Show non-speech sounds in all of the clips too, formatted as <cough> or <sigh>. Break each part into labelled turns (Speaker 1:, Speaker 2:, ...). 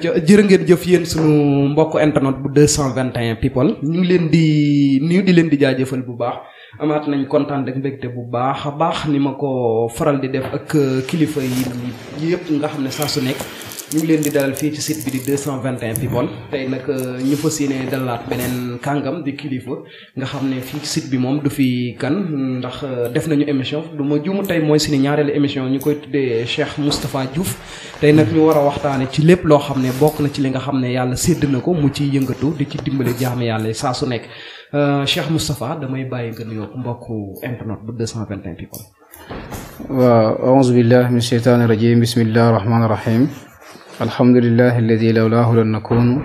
Speaker 1: jërë ngeen jëf yéen suñu mbokk internet bu 221 people ñu ngi leen di nuyu di leen di jaajëfal bu baax amaat nañ kontaan ak mbégte bu baax a baax ni ma ko faral di def ak kilifa yi yëpp nga xam ne saa su nekk. ñu ngi leen di dalal fii ci site bi di 221 people tey nag euh, ñu fas yéene dalalaat beneen kàngam di kilifa nga xam ne fii ci site bi moom du fi gan ndax euh, def nañu émission du ma juumu tey mooy suñu ñaareelu émission ñu koy tuddee Cheikh Moustapha Diouf tey nag ñu war a waxtaane ci lépp loo xam ne bokk na ci li nga xam ne yàlla sédd na ko mu ciy yëngatu di ci dimbale jaamu yàlla saa su nekk euh, Cheikh Moustapha damay bàyyi nga nuyoo mbokku internet bu 221 people.
Speaker 2: waaw auzu billahi min sheytaani rajim bismillahi rahmaani rahim alhamdulilah alladi lawlaahu lan nakunu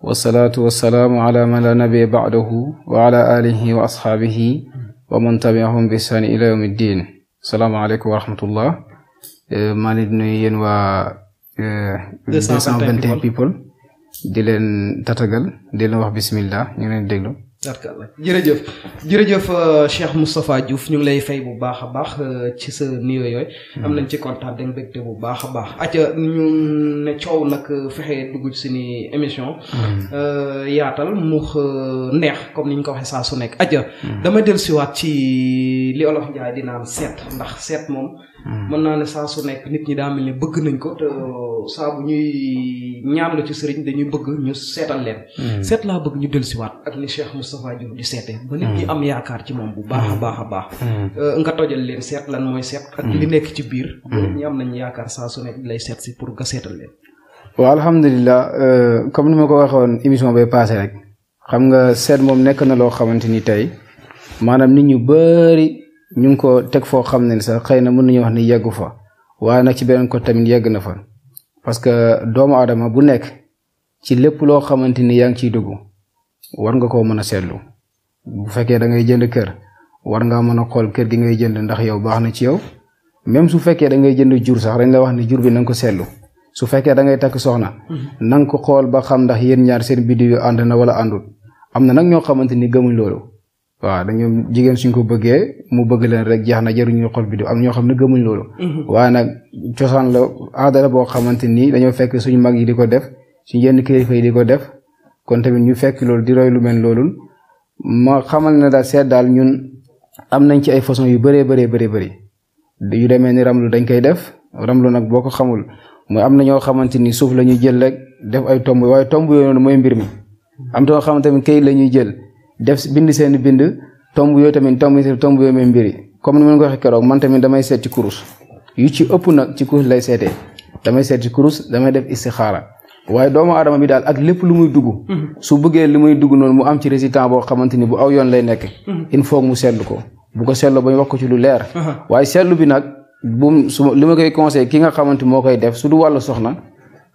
Speaker 2: wasalaatu wasalaamu ala man la nabiya ba'dahu wa ala alihi wa asxaabihi wa man tabiahum bi ihsaani ila yawmi ddin salaamaaleykum wa rahmatullah eh, maa ngi nuyu yéen waa eh, deux cent vingt et un people di leen tatagal di leen wax bismillah ñu leen déglu
Speaker 1: d'accord jërëjëf jërëjëf euh, Cheikh Moustapha Diouf ñu ngi lay fay bu baax a baax euh, ci sa nuyoo yooyu. Hmm. am nañ ci kontaan dañ bégte bu baax a baax. acca ñu ne coow nag euh, fexe dugg ci suñu émission. Hmm. yaatal mu neex comme ni ñu ko waxee saa su nekk acca. Hmm. dama dellusiwaat ci li olof Njaay di naan seet ndax seet moom. mën naa ne saa su nekk nit ñi daa mel bëgg nañ ko saa bu ñuy ñaan la ci sëriñ dañuy bëgg ñu seetal leen. Hmm. seet laa bëgg ñu dellusiwaat ak ni Cheikh Moustapha Diop di seete. ba nit ñi hmm. am yaakaar ci moom bu baax a hmm. baax a baax. Euh, nga seet lan mooy seet. ak li nekk ci biir. ba nit yaakaar saa su nekk lay seet si pour nga seetal leen.
Speaker 2: Euh, comme ni ma ko waxoon émission bay passé rek xam nga seet moom nekk na loo xamante ni tey maanaam nit ñu bëri ñu ngi ko teg foo xam ne sax xëy na mën nañu wax ni yeggu fa waaye nag ci beneen ko tamit yegg na fa parce que doomu aadama bu nekk ci lépp loo xamante ni yaa ngi ciy dugg war nga koo mën a seetlu bu fekkee da ngay jënd kër war ngaa mën a xool kër gi ngay jënd ndax yow baax na ci yow même su fekkee da ngay jënd jur sax rek la wax ni jur bi na nga ko seetlu su fekkee dangay takk soxna na nga ko xool ba xam ndax yéen ñaar seen biddiw yu ànd na wala àndul am na nag ñoo xamante ni gëmuñ loolu waaw dañoom jigéen suñ ko bëggee mu bëgg leen rek jeex na jëruñu xol bi di am ñoo xam ne gëmuñ loolu mhm. waaye nag cosaan la aada boo xamante nii dañoo fekk suñu mag yi di ko def suñu yenn kilifa yi di ko def kon tamit ñu fekk loolu di roy lu mel loolu ma xamal ne daal seet ñun am nañ ci ay façon yu bëree bëree bëri bëri yu demee ni ramlu dañ koy def ramlu nag boo ko xamul mooy am na ñoo xamante ni suuf la ñuy jël rek def ay tomb waaye tomb yooyu noonu mooy mbir mi am na ñoo xamante la ñuy jël def bind seen bind tomb yooyu tamit tomb tomb yooyu même mbiri comme ni ma ko waxee keroog man tamit damay seet ci kurus yu ci ëpp nag ci kurus lay seetee damay seet ci kurus damay def istixaara waaye doomu aadama bi daal ak lépp lu muy dugg. Mhm. su buggee li muy dugg noonu mu am ci résultat boo xamante ni bu aw yoon lay nekk. Mhm. il faut mu seetlu ko bu ko seetloo ba ñu wax ko ci lu leer. waaye seetlu bi nag bu su li ma koy conseil ki nga xamante moo koy def su du wàllu soxna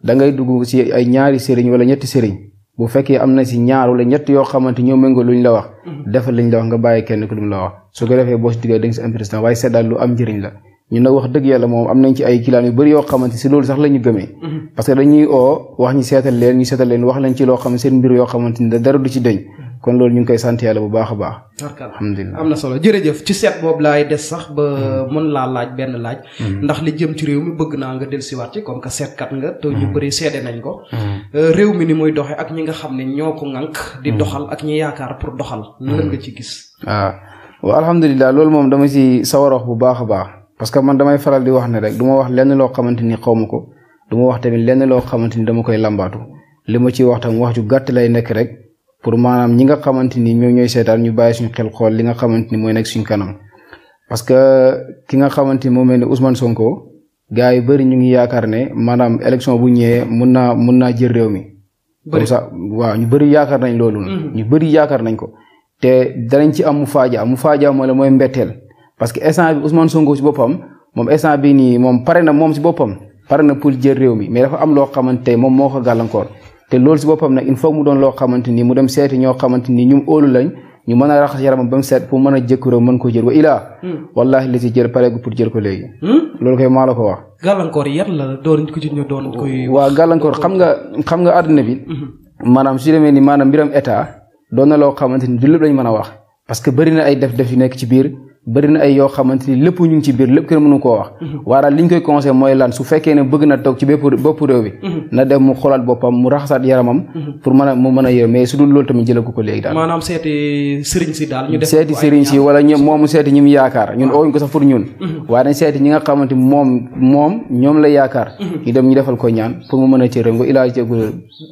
Speaker 2: da ngay dugg ci ay ñaari sëriñ wala ñetti sëriñ. bu fekkee am na si ñaar wala ñett yoo xamante ñoo méngoo luñ la wax defal liñ la wax nga bàyyi kenn ku lu mu la wax su ko defee boo si diggee da si am waaye seddaal lu am njëriñ la ñu nag wax dëgg yàlla moom am nañ ci ay kilaan yu bëri yoo xamante si loolu sax la ñu gëmee mm-hmm. dañuy oo wax ñu seetal leen ñu seetal leen wax leen ci loo xam seen mbir yoo xamante ni dara du ci deñ kon loolu ñu ngi koy sant yàlla bu baax a baax. alhamdulilah am
Speaker 1: na solo jërëjëf ci seet boobu laay des sax ba mën laa laaj benn laaj. Hmm. ndax li jëm ci réew mi bëgg naa nga dellusiwaat ci comme que seetkat nga. te ñu hmm. bëri seede nañ ko. Hmm. Euh, réew mi ni muy doxee ak ñi nga xam ne ñoo ko ŋànk. di doxal ak ñi yaakaar pour doxal. lan nga ci gis.
Speaker 2: Ah. waaw waaw loolu moom dama ci sawar bu baax a baax parce que man damay faral di wax ne rek duma wax lenn loo xamante ni xaw ma ko du ma wax tamit lenn loo xamante ni dama koy lambaatu li ma ciy wax wax ju gàtt lay nekk rek pour maanaam ñi nga xamante ni ñoom ñooy seetaan ñu baay suñu xel xool li nga xamante ni mooy nekk suñ kanam parce que ki nga xamante ni moo mel ni Ousmane Sonko gars yu bëri ñu ngi yaakaar ne maanaam élection bu ñëwee mun naa mun naa jël réew mi. comme ça waaw ñu bëri yaakaar nañ loolu. Mm-hmm. ñu bëri yaakaar nañ ko. te danañ ci am mu faaja mu faaja mooy mooy mbetteel parce que instant bi Ousmane Sonko si boppam moom instant bi nii moom pare na moom si boppam pare na pour jël réew mi mais dafa am loo xamante moom moo ko gàllankoor. te lool si boppam nag il faut mu doon loo xamante mu dem seeti ñoo xamante ni ñu lañ ñu mën a raxas yaramam ba mu seet pour mën a jëkkuroo mën ko jël wa ilaa hmm. wallahi li si jël pareegu pour jël ko léegi hmm? loolu koy maa la ko wax
Speaker 1: gàllankoor yan la doon ko koy waaw
Speaker 2: gàllankoor xam nga xam nga àdduna bi
Speaker 1: hmm.
Speaker 2: maanaam su demee ni maanaam mbiram état doon na loo xamante ni du lépp lañ mën a wax parce que bëri na ay def def yu nekk ci biir bari na ay yoo xamante ni lépp ñu ngi ci biir lépp kenn mënu koo wax mhm. waaral li ñu koy conseil mooy lan su fekkee ne bëgg na toog ci bépp bopp réew bi mhm. na dem mu xoolaat boppam mu raxasaat yaramam mhm. pour mën mu mën a yërëm su dul loolu tamit ko ko léegi daal
Speaker 1: maanaam seeti sëriñ si daal ñu def seeti sëriñ si
Speaker 2: wala ñoom moomu seeti moom moom ñoom la yaakaar ñu dem ñu defal ko ñaan pour mu mën a cëram ko ilaaj cëgu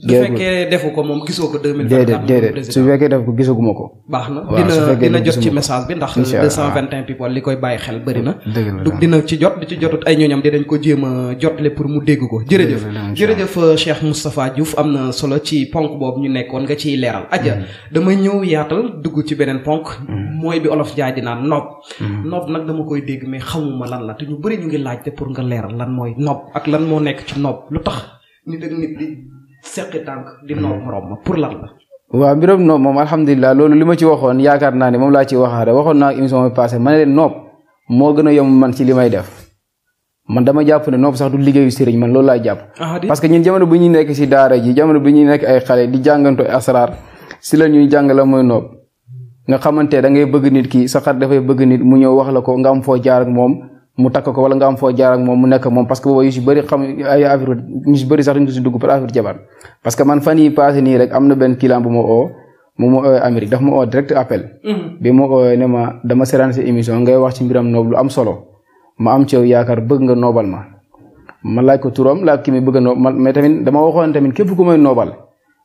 Speaker 2: su fekkee
Speaker 1: defu ko moom gisoo ko déedéet déedéet su
Speaker 2: fekkee defu ko gisaguma ko baax na dina dina jot ci message
Speaker 1: Kafountine li koy bàyyi xel bëri na du dina ci jot di ci jotut ay ñooñam di ko jéem a jotale pour mu dégg ko jërëjëf jërëjëf euh, Cheikh Moustapha Diouf am na solo ci ponk boobu ñu nekkoon nga ciy leeral mm-hmm. aja damay ñëw yaatal dugg ci beneen ponk mm-hmm. mooy bi olof jaay di naan nopp mm-hmm. nopp nag dama koy dégg mais xamuma lan la te ñu bëri ñu ngi laajte pour nga leeral lan mooy nopp ak lan moo nekk ci nopp lu tax nit ak nit di seqi tànk di nopp morom ma pour lan la
Speaker 2: waaw mbiram noob moom alhamdulilah loolu li ma ci waxoon yaakaar naa ne moom laa ci waxaare waxoon naa émission bi passé ma ne leen noob moo gën a yomb man ci li may def man dama jàpp ne noob sax du liggéeyu sëriñ man loolu laa jàpp ah, parce que ñun jamono bu ñuy nekk si daara ji jamono bu ñuy nekk ay xale di jànganto asraar si la ñuy jàng la mooy noob nga xamante da ngay bëgg nit ki sa xar dafay bëgg nit mu ñëw wax la ko nga am foo jaar moom mu takk ko wala nga am foo jaar ak moom mu nekk moom parce que yu si bëri xam ay si bëri sax dugg par affaire jabar parce que man fa yi passé nii rek am na benn client bu ma oo mu ma oo Amérique daf ma oo direct appel mhm. bi ma oo ne ma dama seetaan sa émission ngay wax ci mbiram noob am solo ma am ci yow yaakaar bëgg nga noobal ma ma laaj ko turam laaj ki mi bëgg a ma mais tamit dama waxoon tamit képp ku may noobal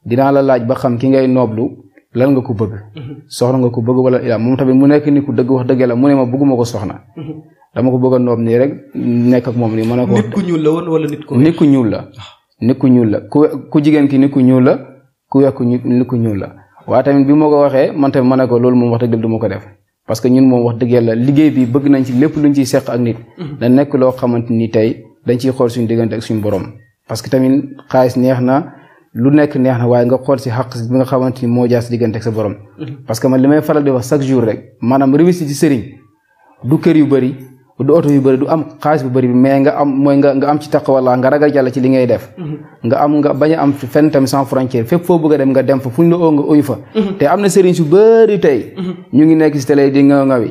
Speaker 2: dinaa la laaj ba xam ki ngay nooblu lan nga ko bëgg mhm. soxna nga ko bëgg wala ilaa moom tamit mu nekk ni ku dëgg wax dëgg la mu ne ma bëgguma ko soxna mhm. dama ko bëgg a noom nii rek nekk ak moom nii mën a ko. nit
Speaker 1: ku ñuul la woon wala nit ku. nit
Speaker 2: ku ñuul la. Ah. nit ku ñuul la ku ku jigéen ki nit ku ñuul la ku weex ku nit ku ñuul la waaye tamit bi ma ko waxee man tamit mën a ko loolu moom wax dëgg du ma ko def. parce que ñun moom wax dëgg yàlla liggéey bi bëgg nañ ci lépp luñ ciy seq ak nit. Mm-hmm. da nekk loo xamante ni tey dañ ciy xool suñu diggante ak suñu borom. parce que tamit xaalis neex na lu nekk neex na waaye nga xool si xaq bi nga xamante ni moo jaas diggante ak sa borom. Mm-hmm. parce que man li may faral di wax chaque jour rek maanaam réussite ci sëriñ du kër yu bëri du oto yu bëri du am xaalis bu bëri bi mais nga am mooy nga nga am ci taq wala nga ragal yàlla ci li ngay def mhm. nga am nga bañ a am fenn tamit sans frontière fépp foo bëgg a dem nga dem fa fu ñu la oo nga uyu fa mhm. te am na sëriñ su bëri tey mhm. ñu ngi nekk si télé di nga ngawi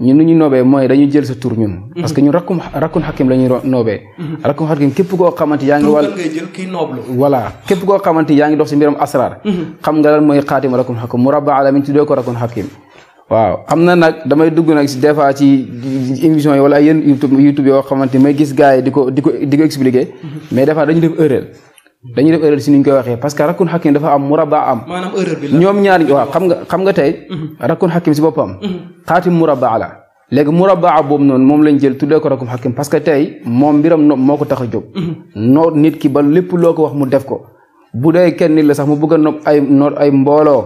Speaker 2: ñun nu ñu noobee mooy dañuy jël sa tur ñun. Mhm. parce que ñun rakkum rakkun xakim noobee. Mhm. rakkun xakim képp koo xamante yaa ngi. wàll ngay
Speaker 1: jël kii nooblu.
Speaker 2: voilà dox si mbiram asrar mhm. xam nga lan mooy xaatim rakkun xakim mu rabba alamin tuddee ko rakkun xakim. waaw am na nag damay dugg nag si des fois ci émission yi wala yenn YouTube YouTube yoo xamante ni may gis gars yi di ko di ko di dañu def erreur. dañuy def erreur si ni ñu koy waxee parce que rakkun xakim dafa am muraba am.
Speaker 1: maanaam erreur bi la ñoom
Speaker 2: ñaar waaw xam nga xam nga tey. Mhm. rakkun xakim si boppam. Mhm. xaatim muraba la. léegi muraba boobu noonu moom lañ jël tuddee ko rakkun xakim parce que tey moom mbiram nopp moo ko tax a jóg. Mhm. noot nit ki ba lépp loo ko wax mu def ko. bu dee kenn nit la sax mu bëgg a nopp ay noor ay mbooloo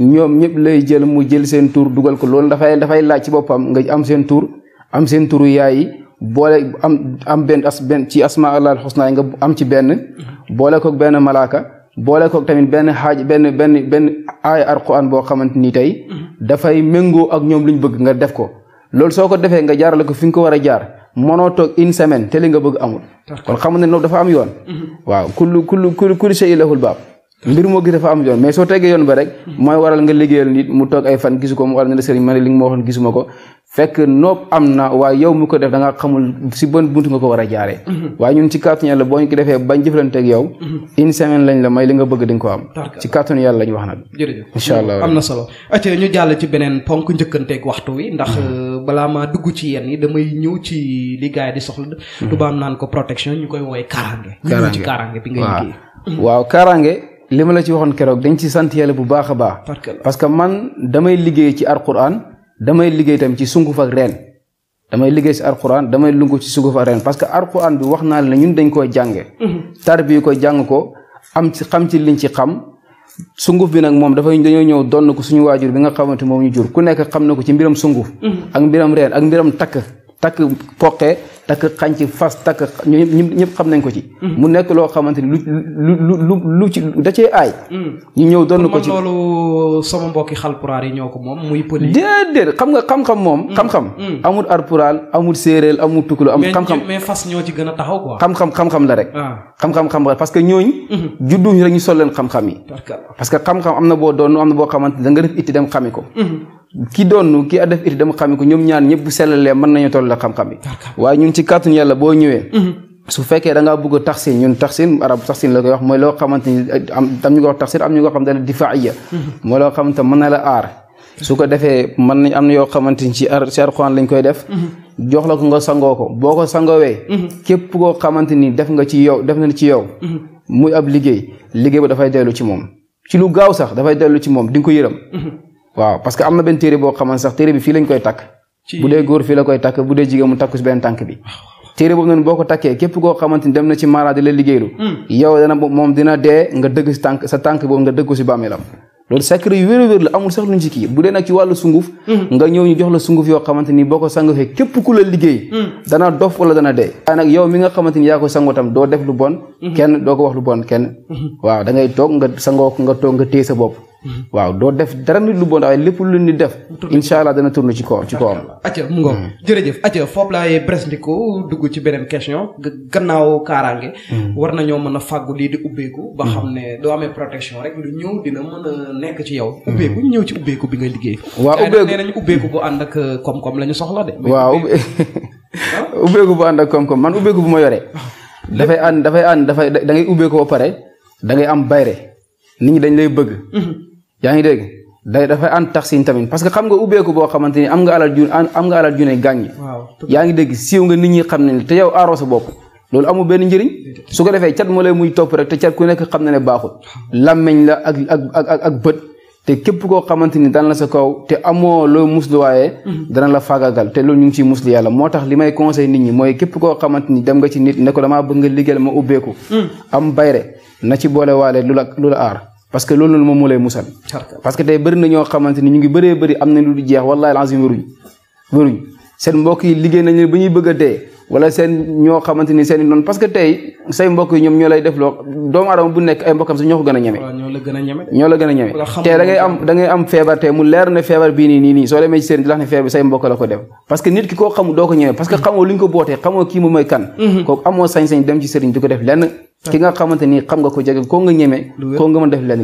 Speaker 2: ñoom ñëpp lay jël mu jël seen tur dugal ko loolu dafay dafay laaj ci boppam nga am seen tur am seen turu yi boole am am benn as benn ci asmaa allah alxusna yi nga am ci benn boole koog benn malaaka boole koog tamit benn xaaj benn benn benn aaya alquran boo xamante ni tey dafay méngoo ak ñoom luñ bëgg nga def ko loolu soo ko defee nga jaarale ko fi nga ko war a jaar mënoo toog une semaine te li nga bëgg amul kon xam ne loolu dafa am yoon mm-hmm. waaw kullu kullu kullu kullu shay lahul baab mbir moo gis dafa am yoon mais soo tegee yoon ba rek mm-hmm. mooy waral nga liggéeyal nit mu toog ay fan gisu ko mu waral nga ma ne li gisuma ko fekk noob am na waaye yow mu ko def da nga xamul si ban buntu nga ko war a jaaree mhm. waaye ñun ci kàttanu yàlla boo ñu ko defee bañ jëflante ak yow mhm. une semaine lañ la may ko
Speaker 1: am ci ñu koy woowee kaaraange ñu bi nga liggéey
Speaker 2: waaw mhm. kaaraange li ma la ci waxoon keroog dañ ci sant yàlla bu baax a baax parce que man damay liggéey ci alquran damay liggéey tam ci sunguf ak reen damay liggéey si alxuraan damay lungu ci sunguf ak reen parce que alxuraan bi wax naa la ñun dañ koy jànge mhm. tarbi ko jàng ko am xam ci liñ ci xam sunguf bi nag moom dafay dañoo ñëw donn ko suñu waajur bi nga xamante moom ñu jur ku nekk xam na ko ci mbiram sunguf mhm. ak mbiram reen ak mbiram takk takk poqe takk xànc fas takk ñu ñëpp xam nañ ko ci. Mm-hmm. mu nekk loo xamante ni lu lu lu lu ci da cee aay. Mm. ñu ñëw doon ko ci loolu sama mbokki xalpulaar
Speaker 1: yi ñoo ko moom muy pël.
Speaker 2: xam nga xam-xam moom. Mm. xam-xam mm. amul alpulaar amul séeréer amul tukulu am xam-xam
Speaker 1: mais fas ñoo ci gën a taxaw quoi.
Speaker 2: xam-xam xam la rek. Ah. xam-xam xam-xam parce que ñooñ mm-hmm. juddu ñu rek ñu sol leen xam-xam yi. parce que xam-xam am na boo doon am na boo xamante da nga def itti dem xami ko mm-hmm. ki doon a def iti dama xame ko ñoom ñaan ñëpp bu sellalee mën nañu toll la xam-xam bi waaye ñun ci kàttanu yàlla boo ñëwee mhm. su fekkee da ngaa bëgg a taxsin ñun taxsin arab taxsin la eh, am ko wax taxsin am ñu ko xam dana difaaya mhm. mooy loo xamante mën na la aar su ko defee mën nañ am na yoo xamante ni koy def mhm. jox la ko nga sangoo ko boo ko sangoowee képp koo xamante ni def nga ci yow def na ci yow muy ab liggéey liggéey ba dafay dellu ci moom ci lu gaaw sax dafay dellu ci moom di ko yërëm waaw parce que am na benn téere boo xamante sax téere bi fii lañ koy takk bu dee góor fii la koy takk bu dee jigéen mu takku si benn tànk bi téere boobu noonu ko takkee képp koo xamante ni dem na ci maara di la liggéeylu hmm. yow dana moom dina nga dëgg si tànk sa tànk boobu nga dëgg si bàmmeelam loolu secret yu wér a wér la amul sax bu dee nag ci wàllu sunguf hmm. nga ñëw ñu jox la sunguf yoo xamante ni boo ko sangofee képp ku liggéey hmm. dana dof wala dana dee waaye nag yow mi nga xamante ni yaa ko sangoo tam doo def lu bon kenn doo ko wax lu bon kenn waaw da ngay toog nga sangoo nga toog nga téye sa bopp Mm-hmm. waaw doo def dara nit lu bon waaye lépp lu nit def. incha allah dana tourné ci kaw ci kawam. acca mu ngoog mm-hmm.
Speaker 1: jërëjëf acca foofu laay ko dugg ci beneen question gannaaw kaaraange. Mm-hmm. war na ñoo mën a fàggu lii di ubbeeku. ba xam ne doo amee protection rek lu ñëw dina mën a nekk ci yow. ubbeeku ñëw ci ubbeeku bi
Speaker 2: nga liggéey. waaw ubbeeku
Speaker 1: nee bu ànd ak uh, koom-koom la ñu soxla de.
Speaker 2: waaw <laughs> bu ànd koom-koom man ubbeeku bu ma yore. <laughs> dafay ànd dafay ànd dafay da ngay ubbeeku ba pare dangay am bayre nit ñi dañ lay bëgg yaa ngi dégg day dafay tax taxsin tamit parce que xam nga ubbeeku boo xamante ni am nga alal ju am nga alal junne gàññi yaa ngi dégg siiw nga nit ñi xam ne te yow aaroo sa bopp loolu amul benn njëriñ su ko defee cat moo lay muy topp rek te cat ku nekk xam na ne baaxul làmmeñ la ak ak ak ak te képp koo xamante ni daan la sa kaw te amoo loo musluwaaye mhm. dana la faagagal te loolu ñu ngi ciy muslu yàlla moo tax li may conseil nit ñi mooy képp koo xamante ni dem nga ci nit ne ko damaa bëgg nga liggéeyal ma ubbeeku mhm. am bayre na ci boole waale lu la lu la aar parce que loolu moom moo lay musal parce que tey bëri na ñoo xamante ni ñu ngi bëree bëri am nañ lu du jeex wallaahi alazim wéruñ wéruñ seen mbokk yi liggéey nañu leen ba ñuy bëgg a dee wala seen ñoo xamante ni seen i noonu parce que tey say mbokk yi ñoom ñoo lay def loo doomu aadama bu nekk ay mbokkam sax ñoo ko gën a ñeme. ñoo la gën a ñeme. a te da am feebar te mu leer na feebar bii nii nii nii soo demee ci seen di lax ne feebar bi say mbokk la ko def parce nit ki koo xamul doo ko ñeme parce xamoo lu ñu ko bootee xamoo kii moom mooy kan mm-hmm. kooku amoo sañ-sañ dem ci sëriñ di ko def lenn ki nga xamante ni xam nga ko jege koo nga ñeme koo nga mën def ne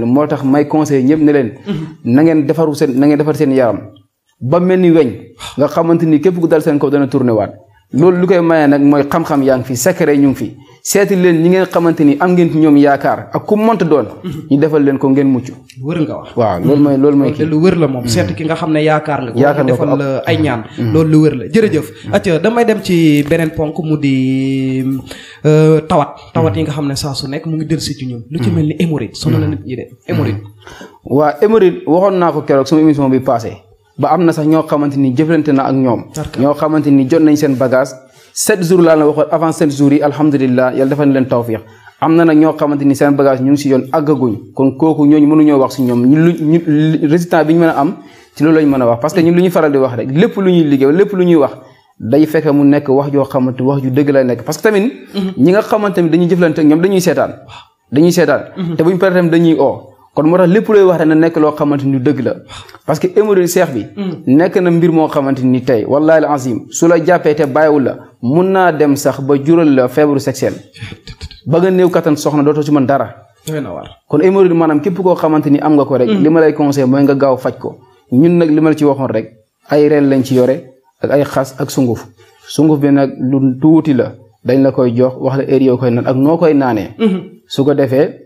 Speaker 2: mm-hmm. ah. waat loolu lu koy maye nag mooy xam-xam yaa ngi fi secret ñu ngi fi seeti leen ñi ngeen xamante ni am ngeen ñoom yaakaar ak ku mënta doon. ñu defal leen ko ngeen mucc. wër nga waaw loolu mooy loolu mooy. lu wër la moom hmm. seet
Speaker 1: ki nga xam ne yaakaar nga. yaakaar la ay ñaan. Hmm. Hmm. loolu lu wër la jërëjëf. acca damay dem ci beneen ponk mu di euh, tawat. tawat yi nga xam ne saa su nekk mu ngi dellusi ci
Speaker 2: ñun. lu ci mel ni hémorroïde sonal la nit ñi de hémorroïde. waa hémorroïde waxoon naa ko keroog sama émission bi passé ba am na sax ñoo xamante ni jëflante na ak ñoom ñoo xamante ni jot nañ seen bagage sept jours laa la waxoon avant sept jours yi alhamdulilah yàlla defal leen tawfiq am na nag ñoo xamante ni seen bagage ñu ngi si yoon àggaguñ kon kooku ñooñu mënuñoo wax si ñoom ñu bi ñu mën a am ci loolu lañ mën a wax parce que lu ñuy faral di wax rek lépp lu ñuy liggéey lépp lu ñuy wax day fekk mu nekk wax joo xamante wax ju dëgg lay nekk parce que tamit mhm. ñi nga xamante ni dañuy jëflante ak ñoom dañuy seetaan dañuy seetaan mhm. te buñ paree tamit dañuy kon moo tax lépp looy wax rek na nekk loo xamante ni dëgg la parce que émori seex bi mm. nekk na mbir moo xamante ni tey wallahi al azim su la jàppee te bàyyiwul la mun naa dem sax ba jural la feebaru sexuel ba nga new kattan soxna dootu ci man dara kon hémorroïde maanaam képp koo xamante ni am nga ko rek mm. li ma lay conseil mooy nga gaaw faj ko ñun nag li ma la ci waxoon rek ay reen lañ ci yore ak ay xas ak sunguf sunguf bi nag lu tuuti la dañ la koy jox wax la heure yoo ak noo koy naanee mm-hmm.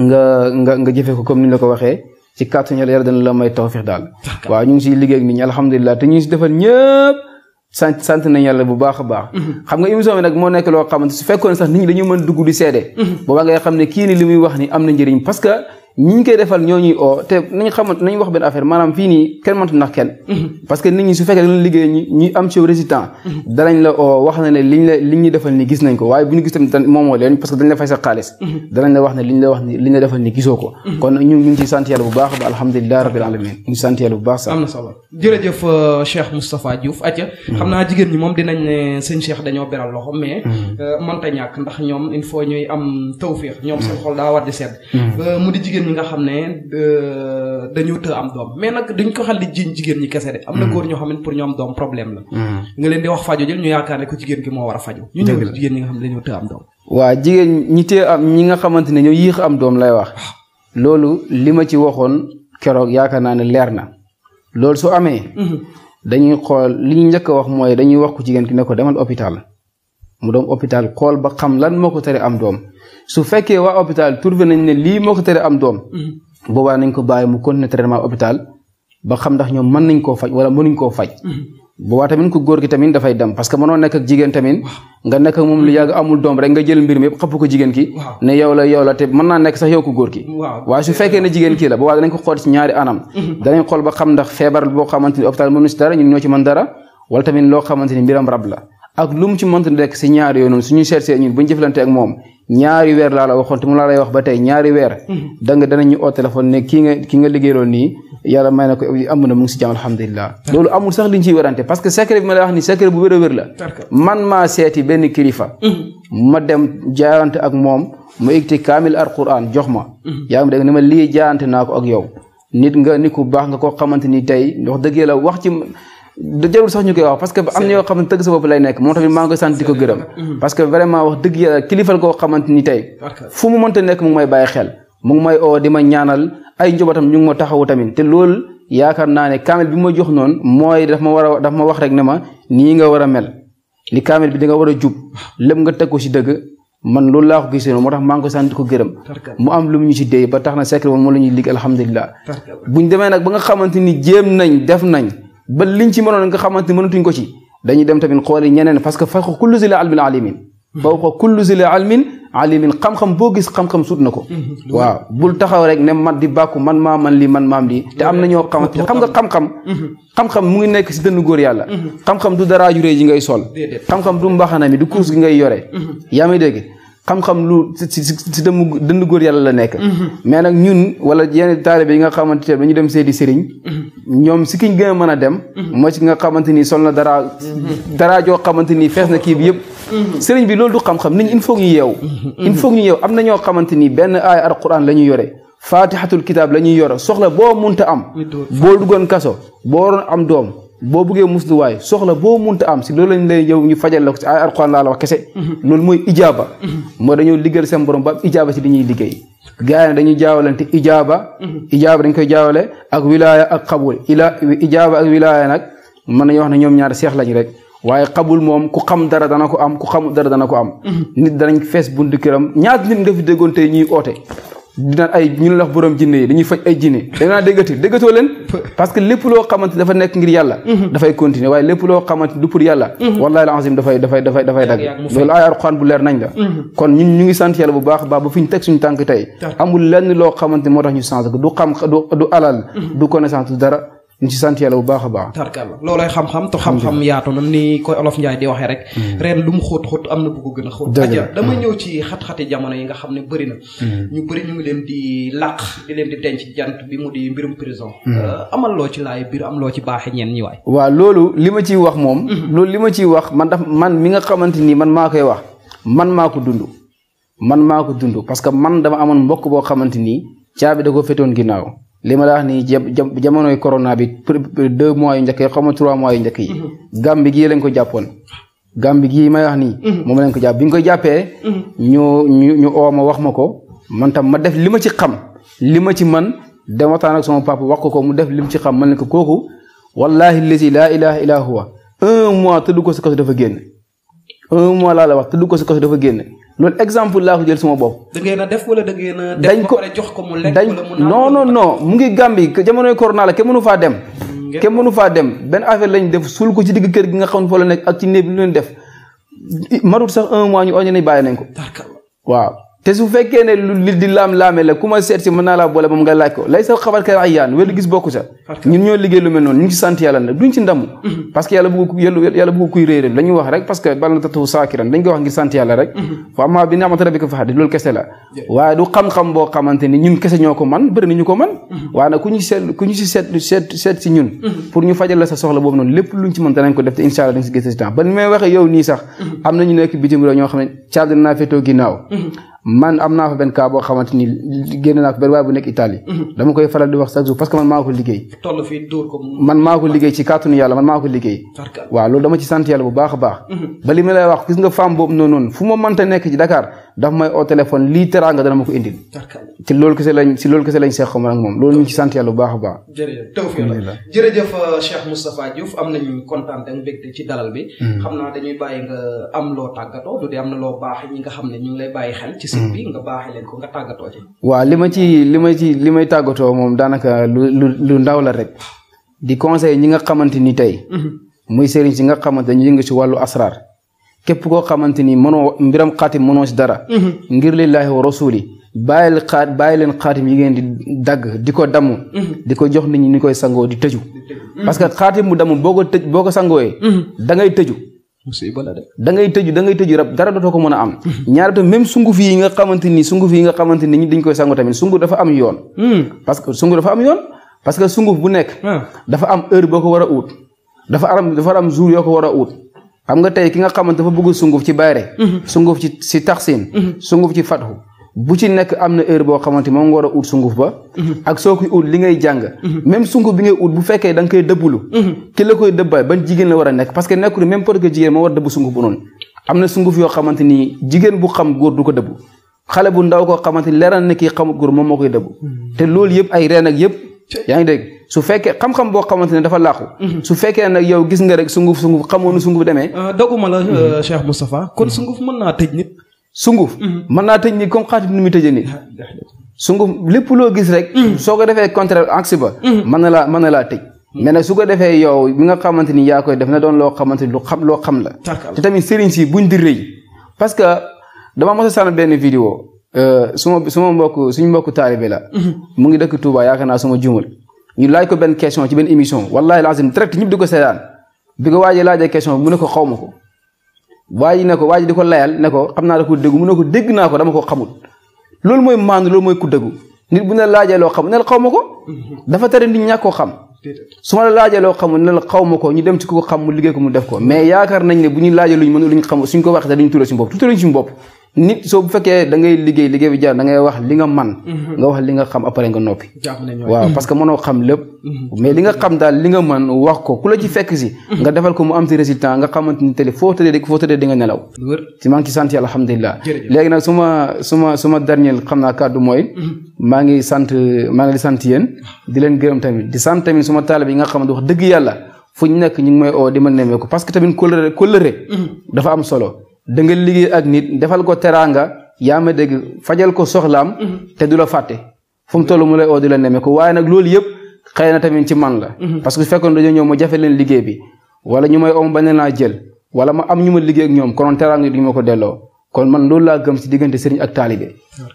Speaker 2: nga nga nga jëfee ko comme ni la ko waxee ci kàttu ñëw yàlla dana la may tawfiq daal. waaw ñu ngi siy liggéey ak nit ñi alhamdulilah te ñu si defal ñëpp sant sant nañ yàlla bu baax a baax. xam nga émission bi nag moo nekk loo xamante su fekkoon sax nit ñi dañu mën dugg di seede. Mm-hmm. boobaa ngay xam ne kii ni li muy wax ni am na njëriñ parce ñi ñu koy defal ñoo ñuy oo te nañu xamante nañu wax benn affaire maanaam fii nii kenn mëntu ndax kenn. Mhm. parce que nit ñi su fekkee dañu liggéey ñu ñu am ci résultat. Mhm. danañ la oo wax na ne la liñ ñu defal ni gis nañ ko waaye bu ñu gis tamit moomoo leen parce que dañ la fay sa mhm. wax ne liñ la wax ni liñ la defal ni gisoo ko. kon ñu ngi ciy sant yàlla bu baax ba alhamdulilah rabbil alamin ñu ngi sant yàlla bu baax sax. am na solo
Speaker 1: jërëjëf euh, Cheikh Moustapha Diouf acca xam naa jigéen ñi moom dinañ ne sëñ Cheikh dañoo beral loxo mais. Euh, mënta ñàkk ndax ñoom il faut ñuy am tawfiix ñoom seen xol daa war di sedd euh, mu di jigéen ñi nga xam ne euh, dañu të am doom mais nag duñ ko xal di jiñ jigéen ñi kese de am na mm. góor ñoo xam ne pour ñu am doom problème la mm. nga leen di wax faju jël ñu yaakaar ne ko jigéen ki moo war a faju ñu ñëw jigéen ñi nga xam ne dañoo të am
Speaker 2: ñi tee am ñi nga xamante ne ñoo yéex am doom lay wax ah. loolu li ma ci waxoon keroog yaakaar naa ne leer na loolu su amee mm-hmm. dañuy xool li ñu njëkk a wax mooy dañuy wax ku jigéen ki ne ko demal hôpital mu doom hôpital xool ba xam lan moo ko tere am doom su fekkee waa hôpital trouvé nañ ne lii moo ko tere am doom
Speaker 3: mm-hmm.
Speaker 2: boobaa nañ ko bàyyi mu continuer traitement hôpital ba xam ndax ñoom mën nañ koo faj wala mënuñ koo faj mm-hmm. boobaa ko gi tamit dafay dem parce que mënoo nekk ak jigéen tamit nga nekk moom lu yàgg amul doom rek nga jël mbir xëpp ko jigéen ki ne yow la yow la te nekk sax yow ko góor ki waaye su fekkee ne jigéen kii la boobaa danañ ko xool ci ñaari anam mm-hmm. danañ ba xam ndax feebar boo xamante ni hôpital mënu si dara ñun ñoo ci mën dara wala tamit loo xamante ni mbiram rab la ak lu mu ci mënta nekk si ñaari yooyu noonu suñu cherché ñun bu ñu ak moom ñaari weer laa la waxoon te mu laa lay wax ba tey ñaari weer mm-hmm. da nga danañu oo téléphone ne kii nga ki nga nii yàlla may na ko am na mu si jàmm alhamdulilah loolu amul sax liñ ciy werante parce que secret bi ma lay wax ni secret bu wér a wér la man maa seeti benn kilifa mm-hmm. ma dem jaayante ak moom mu igti kaamil al quran jox ma mm-hmm. yaa ngi dégg ma lii jaayante naa ko da jarul sax ñu koy wax parce que am na yoo xam ne tëgg sa bopp lay nekk moom tamit maa ngi koy sant di ko gërëm mhm. parce nekk mu ngi may bàyyi xel mu ngi may oo di ma ñaanal ay njabootam ñu yaakaar naa ne kaamil bi ma jox noonu mooy daf ma war a ma wax rek ne ma nii nga war a mel li kaamil bi da nga war a jub lépp nga teg ko ci dëgg man loolu laa ko moo tax maa ngi ko sant ko gërëm mu am lu mu ñu ci déy ba tax na secret moom moo la ñuy ligg alhamdulilah buñ demee nag ba nga xamante ni jéem nañ def nañ ba liñ ci mënoon nga xamante ni ko ci dañuy dem tamit xooli ñeneen parce que fawqa kullu zil ilmin alimin xam-xam boo gis xam-xam sut na ko mhm. waaw bul taxaw rek ne man di bàkku man maa man li man maam li te am na ñoo xamante xam nga xam-xam mhm. xam mu ngi nekk si dënn góor yàlla mhm. xam-xam du daraaju rëy ji ngay sol xam-xam du mbaxana mi du course gi ngay yore yaa may dégg xam-xam lu si si si dëmm dënd góor yàlla la nekk. Mm-hmm. mais nag ñun wala yenn taalibe yi nga xamante ne dañu dem seeti sëriñ.
Speaker 3: Mm-hmm.
Speaker 2: ñoom si kiñ gën a mën a dem. Mm-hmm. moo ci nga xamante ni sol na dara. dara joo xamante ni fees na kii bi yëpp. sëriñ bi loolu du xam-xam nit ñi il faut ñu yeew. il faut ñu yeew am na ñoo xamante ni benn aaya alquran la ñu yore. faatixatul kitaab la ñuy yoro soxla boo munta am boo duggoon kaso boo waroon am doom boo buggee musluwaay soxla boo mun munta am si loolu lañ lay yow ñu fajal la ko si ay alxuraan laa la wax kese mhm. loolu mooy ijaaba mhm. moo dañoo liggéeyal seen borom ba am ijaaba si li ñuy liggéey gaa yi dañuy jaawalante ijaaba mhm. ijaaba dañ koy jaawale ak wilaaya ak xabul ila ijaaba ak wilaaya nag mën nañu wax ne ñoom ñaar seex lañ rek waaye xabul moom ku xam dara dana ko am ku xamul dara dana ko am nit danañ fees buntu këram ñaata nit nga fi déggoon te ñuy oote di naan ay ñu la wax borom jinne yi dañuy faj ay jinne da nga déggati leen parce que lépp loo xamante dafa nekk ngir yàlla dafay continuer waaye lépp loo xamante du pour yàlla wallahi alazim dafay dafay dafay dagg loolu ay alxuraan bu leer nañ la mhm. kon ñun ñu ngi sant bu baax baax ba fi ñu teg suñu tànk tey amul lenn loo xamante moo tax ñu changé du xam du alal mhm. du connaissance du dara ñu ci sant yàlla bu baax a baax.
Speaker 1: tarkalla loolay xam-xam te xam-xam yaatu na ni koy olof Njaay di waxee rek. Mm. ren lu mu xóot xóot am na bu ko gën a xóot. aja dama mm. ñëw ci xat-xati jamono yi nga xam ne bëri na. Mm. ñu bëri leen di làq leen di denc jant bi mu di mbirum prison. Euh, amal loo ci laay biir am loo ci baaxee ñenn ñi waay.
Speaker 2: waaw loolu li ma ciy wax moom. Mm-hmm. loolu li ma ciy wax man daf man mi nga xamante ni man maa koy wax man maa ko dund. man maa ko dund parce que man dama amoon mbokk boo xamante ni caabi da ko fetoon ginnaaw li ma la wax nii jamonoy corona bi deux mois yu yi xaw ma trois mois yu njëkk yi. Mm-hmm. gàmm bi gii lañ ko jàppoon. gàmm gii may wax nii. Mm-hmm. moom lañ ko jàpp bi nga koy jàppee. Mm-hmm. ñu ñu ma wax ma ko. man tam ma def li ma ci xam li ma ci man dem waxtaan ak sama papa wax ko ko mu def li mu ci xam ma ne ko kooku wallahi lazi laa ilaha illa huwa un mois tëdd ko si kaso dafa génn. un mois laa la wax tëdd ko si kaso dafa génn. loolu exemple laa ko jël suma bopp.
Speaker 1: da a def wala da ngeen a
Speaker 2: def ba jox ko mu lekk wala mu naan non mu ngi Gàmbi jamonoy corona la kenn mënu faa dem. kenn mënu faa dem benn affaire lañ def suul ko ci digg kër gi nga xam ne fa la nekk ak ci néeg bi lu leen def marut sax un mois ñu oñe nañ bàyyi nañ ko. waaw. te su fekkee ne lu li di laam-laame la ku ma seet si mën naa laa boole moom nga laaj ko lay sa xabar ka ayaan wélu gis bokku sa ñun ñoo liggéey lu mel noonu ñu ci mhm. que yàlla bëgg yàlla yàlla bëgg mhm. ni ñun kese ñoo ko man bëri na ñu ko man mhm. waaye ku ñu seet ku si seet seet si ñun pour ñu fajal la sa soxla boobu noonu lépp luñ ci mën danañ ko def te insha allah dañ si gis temps ba ni may waxee yow nii sax am nañu nekk bitim réew ñoo xam ne caadri naa féetoo ginnaaw man am naa fa benn cas boo xamante ni génn naa fa benn waaye bu nekk Italie. Mhm. dama koy faral di wax chaque jour parce que man maa ko liggéey. man maa liggéey ci kàttanu yàlla man maa liggéey. waaw loolu dama ci sant bu baax a baax. Mhm. ba li ma lay wax gis nga femme boobu noonu noonu fu ma mënta nekk ci Dakar daf may au téléphone lii teraanga dana ma ko indil. ci loolu kese lañ si loolu kese lañ seq man ak moom loolu ñu ngi ci sant yàlla baax a baax. jërëjëf tawfiq la
Speaker 1: jërëjëf euh, Cheikh Moustapha Diouf am nañu kontaan ak ci dalal bi. Hmm. xam naa am loo tàggatoo du na loo baax ñi nga xam ne ñu ngi lay ci site hmm. bi
Speaker 2: waaw li ma ci li ma ci li may tàggatoo moom daanaka lu lu lu ndaw la rek di conseil ñi nga xamante ni tey. Hmm. muy sëriñ si nga xamante ñu yëngu si wàllu asrar képp ko xamante ni mënoo mbiram xaatim mënoo si dara mhm. ngir lillaahi wa a bàyyil xaat bàyyi leen xaatim yi ngeen di dagg di ko damm mhm. di ko jox nit ñi ni koy sangoo di tëju
Speaker 3: mhm.
Speaker 2: parce que xaatim bu damm boo ko tëj boo ko da ngay tëju da ngay tëju rab dara dootoo ko mën a am ñaari tam sunguf yi nga xamante ni sunguf yi nga xamante ni ñi dañ koy sango tamit sunguf dafa am yoon parce que sunguf dafa am yoon parce que sunguf bu nekk ah. dafa am heure boo ko war a uut dafa am jour yoo ko war a uut xam nga tey ki nga xamante dafa bëgg sunguf ci bayre mhm. sunguf ci si taxsin mhm. sunguf ci fatxu bu ci nekk am na heure boo xamante moom nga war a ut sunguf ba mhm. ak soo koy ut li ngay jàng même sunguf bi ngay ut bu fekkee da nga koy dëbblu ki la koy dëbbaay ban jigéen la war a nekk parce que nekkul même parce que jigéen moo war a dëbb sunguf bu noonu am na sunguf yoo xamante ni jigéen bu xam góor du ko dëbb xale bu ndaw koo xamante ni leeral na kii xamut góor moom moo koy dëbb te loolu yëpp ay reen yaa ngi dégg su fekkee xam-xam boo xamante ne dafa làqu mhm. su fekkee nag yow gis nga rek sunguf sunguf xamoonu sunguf demee euh, doguma la euh, Cheikh Moustapha kon sunguf mën naa tëj nit sunguf mhm. mën naa tëj nit comme xaatim ni muy tëjee nit
Speaker 3: ah,
Speaker 2: lépp loo gis rek mhm. soo ko defee contraire aksi ba mën na laa mën na laa tëj mais nag su ko defee yow mi nga xamante ni yaa koy def na doon loo xamante ni lu xam loo xam la te tamit sëriñ si buñ di rëy parce que dama mos a sànn benn vidéo Euh, suma suma mbokk suñu mbokku taalibe la. Mhm. mu ngi dëkk Touba yaakaar naa suma juumal ñu laaj ko benn question ci benn émission wallahi lazim direct ñëpp di ko seetaan bi ko waajee laajee question mu ne ko xaw ma ko. waa ji ne ko di ko layal ne ko xam naa da ko dégg mu ne ko dégg naa ko dama ko xamul loolu mooy maandu loolu mooy ku dëggu nit bu ne loo xamul ne la xaw ko. Mhm. dafa tere nit ñàkk koo xam. su ma la loo xamul ne la xaw ma ko ñu dem ci ko xam mu liggéey ko mu def ko mais yaakaar nañ ne bu ñu laajee luñ mën luñ xamul suñ ko waxee duñ tuural suñu bopp tuural suñu bopp nit soo bu fekkee dangay liggéey liggéey bi jaar da ngay wax li nga man mhm. nga wax li nga xam après nga noppi waaw mhm. parce que mënoo xam lépp mhm. mais li nga xam daal li nga man wax ko la ci fekk nga defal ko mu am si résultat nga xamante ni tëli foo tëddee foo tëddee di nga nelaw ci maa ngi ci sant yàlla alhamdulilah léegi nag suma suma suma dernier xam naa kàddu mooy maa ngi sant maa ngi di sant yéen di leen gërëm tamit di sant tamit suma taalibe yi nga xam ne wax dëgg yàlla fu ñu nekk ñu ngi may oo di ma nemmeeku parce que tamit kóllëre kóllëre dafa am solo da nga liggéey ak nit defal ko teraanga yaa ma dégg fajal ko soxlaam mhm. te du la fàtte fu mu toll mu lay oo di la nemmeeku waaye nag loolu yëpp xëy na tamit ci man la mhm. parce que su fekkoon dañoo ñëw ma jafe leen liggéey bi wala ñu may om bañ naa jël wala ma am ñu ma liggéey ak ñoom konoon teraanga yi ñu ma ko delloo kon man loolu laa gëm si diggante sëriñ ak taalibe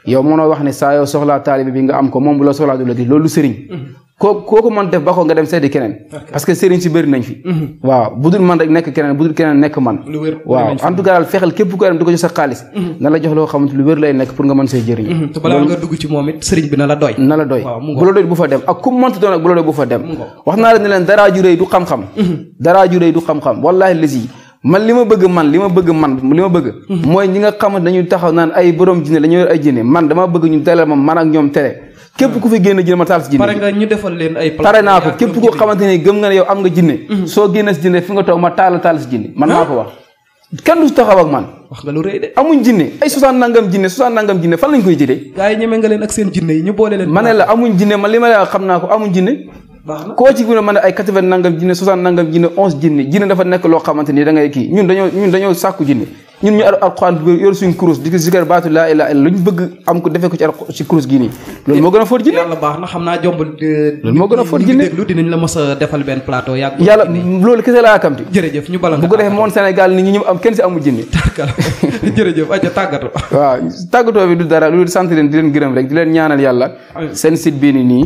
Speaker 2: yow mënoo wax ne saa soxlaa taalibe bi nga am ko moom bu la soxlaa du la gis loolu sëriñ mhm. koo kooku mën def ba ko nga dem seeti keneen parce que sëriñ si bëri nañ fi mhm. waaw bu man rek nekk keneen bu keneen nekk man waaw en tout daal fexeel képp ku dem di ko jox sa xaalis mhm. na la jox loo lu wér lay nekk pour nga mën see jëriñ nga dugg ci moom it sëriñ bi na la doy na la doy bu la doy man li ma bëgg man li ma bëgg man li ma bëgg. Mhm. mooy ñi nga xamante dañuy taxaw naan ay borom jinne dañoo yor ay jinne man dama bëgg ñu teel ma man ak ñoom télé képp ku fi génn jinne ma taal si jinne
Speaker 1: ñu defal leen ay pare naa ko
Speaker 2: képp koo xamante ne gëm nga nga jinne mhm. soo génn si jinne fi nga toog ma taal taal si jinne man maa ak man wax nga lu rëy de amuñ jinne ay soixante nangam jinne soixante fan lañ koy jëlee gars yi ñeme nga leen ak seen jinne yi ñu boole leen ma la amuñ jinne man li ma la xam naa ko amuñ jinne koo ci mën a mën ay quatre-vingts nangam jinne soixante nangam jinne onze jinne jinne dafa nekk loo xamante ni da kii ñun dañoo sàkku jinne ñun ñu am ko defee a fóot jinne yàlla baax na xam naa jomb euh, loolu moo gën a fóot jinne
Speaker 1: lu la mos a defal benn
Speaker 2: plateau yàgg yàlla loolu kese laa yàkkamti jërëjëf ñu kenn si amul jinne <laughs> jërëjëf aja tàggatoo waaw tàggatoo bi du dara lu sant leen di leen gërëm rek di leen ñaanal yàlla seen site bii nii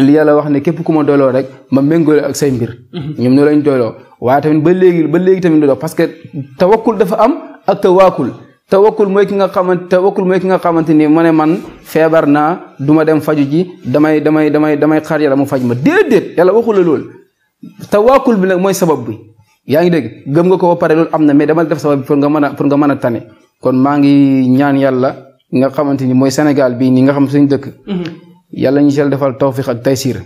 Speaker 2: li yàlla wax ne képp ku ma doyloo rek ma méngale ak say mbir. ñoom ñoo lañ doyloo waaye tamit ba léegi ba léegi tamit du dox parce que wakkul dafa am ak te tawakkul mooy ki nga xamante tawakkul mooy ki nga xamante ni ma ne man feebar naa du dem faju ji damay damay damay damay xaar yàlla mu faj ma déedéet yàlla waxul la loolu tawakkul bi nag mooy sabab bi yaa ngi dégg gëm nga ko ba pare loolu am na mais dama def sabab bi pour nga mën a pour nga mën a tane kon maa ngi ñaan yàlla nga xamante ni mooy Sénégal bii nii nga xam suñu dëkk. Mm-hmm. yàlla ñu seel defal tawfiq ak taysir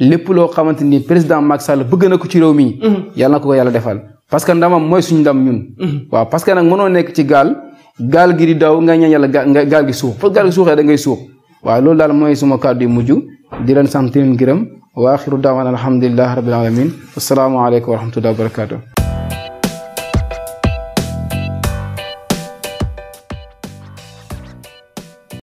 Speaker 2: lépp loo xamante ni président Macky Sall bëgg na ko ci réew mi mhm. yàlla na ko ko yàlla defal parce que ndamam mooy suñu ndam ñun mhm. waaw parce que nag mënoo nekk ci gaal gaal gi di daw nga ñaan nga gaal gi suux parce que gaal gi suuxee da ngay suux waaw loolu daal mooy suma kàddu yu mujj di leen sant leen gërëm wa axiru daawana alhamdulilah rabbil alamin asalaamaaleykum wa rahmatullahi wa barakatu